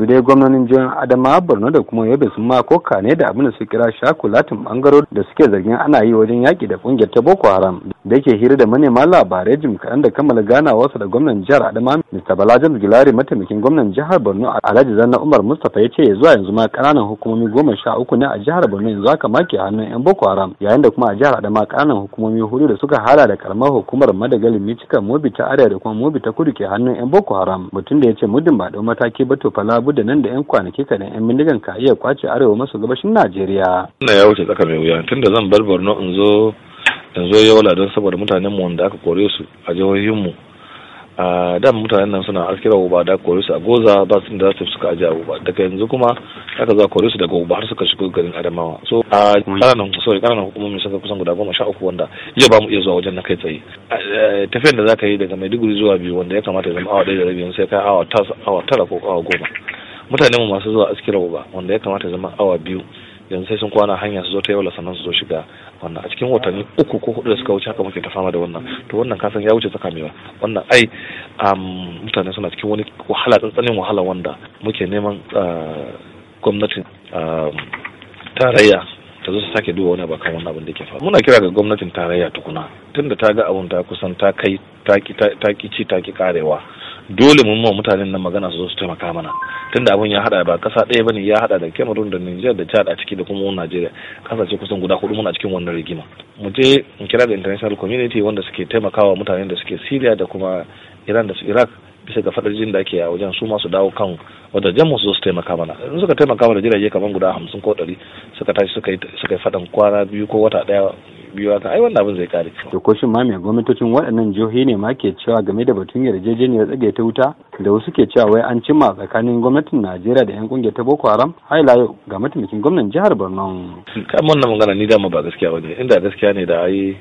su dai gwamnonin jihar adama borno da kuma yobe sun ma koka ne da abin da su kira shakulatin bangaro da suke zargin ana yi wajen yaki da kungiyar ta boko haram da yake hira da manema labarai jim kaɗan da kammala ganawarsa da gwamnan jihar adama mr balajan gilari mataimakin gwamnan jihar borno alhaji zanna umar mustapha ya ce ya zuwa yanzu ma ƙananan hukumomi goma sha uku ne a jihar borno yanzu haka make hannun yan boko haram yayin da kuma a jihar adama ƙananan hukumomi hudu da suka hada da karamar hukumar madagali micika mobi ta arewa da kuma mobi ta kudu ke hannun yan boko haram mutum da ya ce muddin ba ɗau mataki ba to fa da nan da yan kwanaki kaɗan yan bindigan ka iya kwace arewa maso gabashin najeriya. wannan ya wuce tsaka mai wuya tunda zan bar borno in zo yanzu ya wala don saboda mutanen mu wanda aka kore su a jihohin mu a da mutanen nan suna askira uba da kore su a goza ba su da su suka aje uba daga yanzu kuma aka za kore su daga uba har suka shigo garin adamawa so a kananan sorry kananan hukumomi sun kusan guda goma sha uku wanda iya ba mu iya zuwa wajen na kai tsaye eh, tafiyar da zaka yi daga maiduguri zuwa biyu wanda ya kamata ya zama awa ɗaya da rabi sai kai awa tara ko awa goma mutanen mu masu zuwa askira uba wanda ya kamata ya zama awa biyu yanzu sai sun kwana hanya su zo ta yawala sannan su zo shiga wannan a cikin watanni uku ko hudu da suka wuce haka muke ta fama da wannan to wannan ka kasan ya wuce tsaka mewa wannan ai mutane suna cikin wani wahala tsantsanin wahala wanda muke neman ah, gwamnatin tarayya ta zo su sake duba wani bakan wannan abin da ke faru muna kira ga gwamnatin tarayya tukuna tunda ta ga abun ta kusan ta kai ta ki ci ta ki karewa dole mun ma mutanen nan magana su zo su taimaka mana tunda abun ya hada ba kasa ɗaya bane ya hada da Cameroon da Niger da Chad a ciki da kuma kasa ce kusan guda hudu muna cikin wannan rigima mu je mu kira da international community wanda suke taimakawa mutanen da suke Syria da kuma Iran da su Iraq bisa ga fadarjin da ake a wajen su masu dawo kan wajajen mu su taimaka mana in suka taimaka mana jirage kamar guda hamsin ko ɗari suka tashi suka yi faɗan kwana biyu ko wata ɗaya biyu haka ai wannan abin zai kare to ko shin ma me gwamnatocin waɗannan jihohi ne ma ke cewa game da batun yarjejeniyar tsage ta wuta da wasu ke cewa wai an cimma tsakanin gwamnatin Najeriya da yan kungiyar ta Boko Haram har layo ga mataimakin gwamnan jihar Borno kan wannan magana ni ma ba gaskiya bane inda gaskiya ne da ai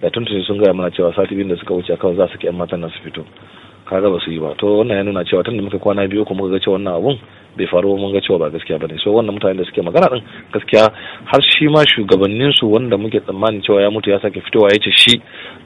da tuntuni sun gaya mana cewa sati biyu da suka wuce kawai za su ki yan matan nan su fito kaga ba su yi ba to wannan ya nuna cewa tun da muka kwana biyu kuma ga cewa wannan abun bai faru mun ga cewa ba gaskiya bane so wannan mutanen da suke magana din gaskiya har shi ma shugabannin su wanda muke tsammanin cewa ya mutu ya sake fitowa ya shi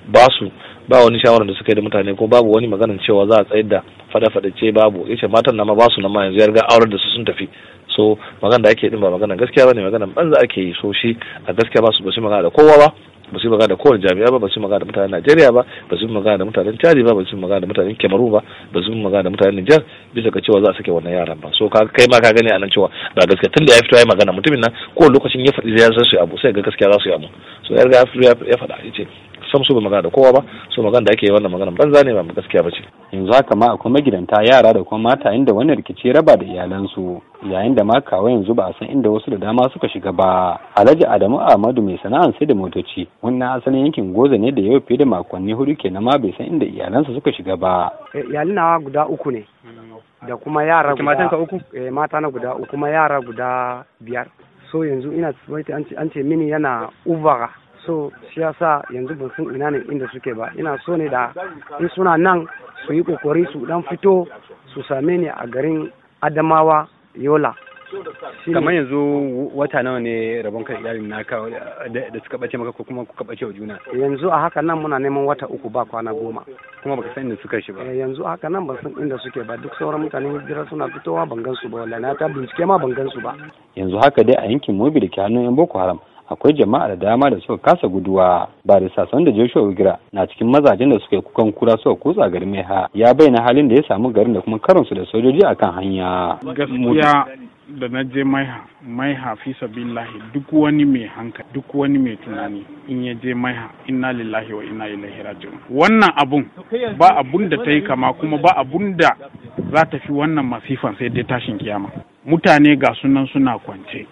ba su ba wani shawara da suka yi da mutane ko babu wani maganin cewa za a tsayar da fada ce babu ya ce matan na ma ba su na ma yanzu ya riga aurar da su sun tafi so magana da ake din ba magana gaskiya bane magana banza ake yi so shi a gaskiya ba su ba su magana da kowa ba ba su magana da kowane jami'a ba ba su magana da mutanen Najeriya ba ba su magana da mutanen Chadi ba ba su magana da mutanen kemaru ba ba su magana da mutanen Niger bisa ga cewa za a sake wannan yaran ba so kai ma ka gani anan cewa ba gaskiya tun da ya fito ya magana mutumin nan ko lokacin ya faɗi zai su abu sai ga gaskiya za su yi abu so ya riga ya faɗa ya ce sam su ba magana da kowa ba su magana da ake yi wannan magana banza ne ba mu gaskiya ba ce yanzu haka ma akwai magidanta yara da kuma mata inda wani rikici raba da iyalansu yayin da ma kawo yanzu ba a san inda wasu da dama suka shiga ba alhaji adamu ahmadu mai sana'an sai da motoci wannan asalin yankin goza ne da yau fiye da makonni hudu kenan ma bai san inda iyalansa suka shiga ba eh, iyalinawa guda uku ne da kuma yara guda uku eh, mata na guda uku kuma yara guda biyar so yanzu ina an ce mini yana uvara so siyasa yanzu ban san ina ne inda suke ba ina so ne da in suna nan su yi kokari su dan fito su same ni a garin adamawa yola kamar yanzu wata nawa ne rabon kan iyalin naka da suka bace maka ko kuma kuka bace wa juna yanzu a haka nan muna neman wata uku ba kwana goma kuma baka san inda suka shi ba eh, yanzu a haka nan ban san inda suke ba duk sauran mutane hijira suna fitowa ban gansu ba wallahi na ta bincike ma ban gansu ba yanzu haka dai a yankin mobi da ke hannun yan boko haram akwai jama'a da dama da suka kasa guduwa ba da sasan da joshua wigira na cikin mazajen da suka yi kukan kura suka kutsa garin meha ya bayyana halin da ya samu garin da kuma su da sojoji akan hanya gaskiya da na je maiha maiha fi sabillahi duk wani mai hankali duk wani mai tunani in ya je maiha inna lillahi wa inna ilaihi raji'un wannan abun ba abun da ta yi kama kuma ba abun da za ta fi wannan masifan sai dai tashin kiyama mutane ga sunan suna kwance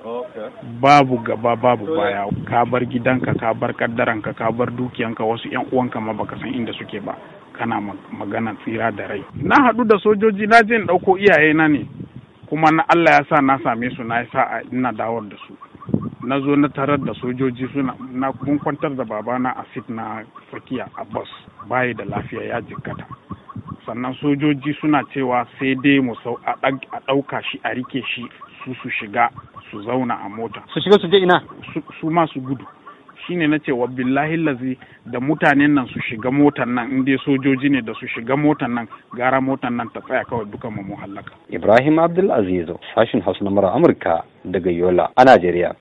babu gaba babu baya ka bar gidanka ka bar kaddaranka ka bar dukiyanka wasu yan uwanka ma baka san inda suke ba kana magana tsira da rai na haɗu da sojoji na je in ɗauko iyaye na ne kuma na Allah ya sa na same su na sa ina dawar da su na zo na tarar da sojoji suna na kun kwantar da babana a sit na tsakiya a bus bayi da lafiya ya jikkata sannan sojoji suna cewa sai dai mu a ɗauka shi a rike shi su su shiga su zauna a mota su shiga su je ina su ma su gudu shine na cewa billahi lazi da mutanen nan su shiga motan nan in dai sojoji ne da su shiga motan nan gara motan nan ta tsaya kawai dukan mu halaka ibrahim abdulaziz sashin hausa na mara amurka daga yola a najeriya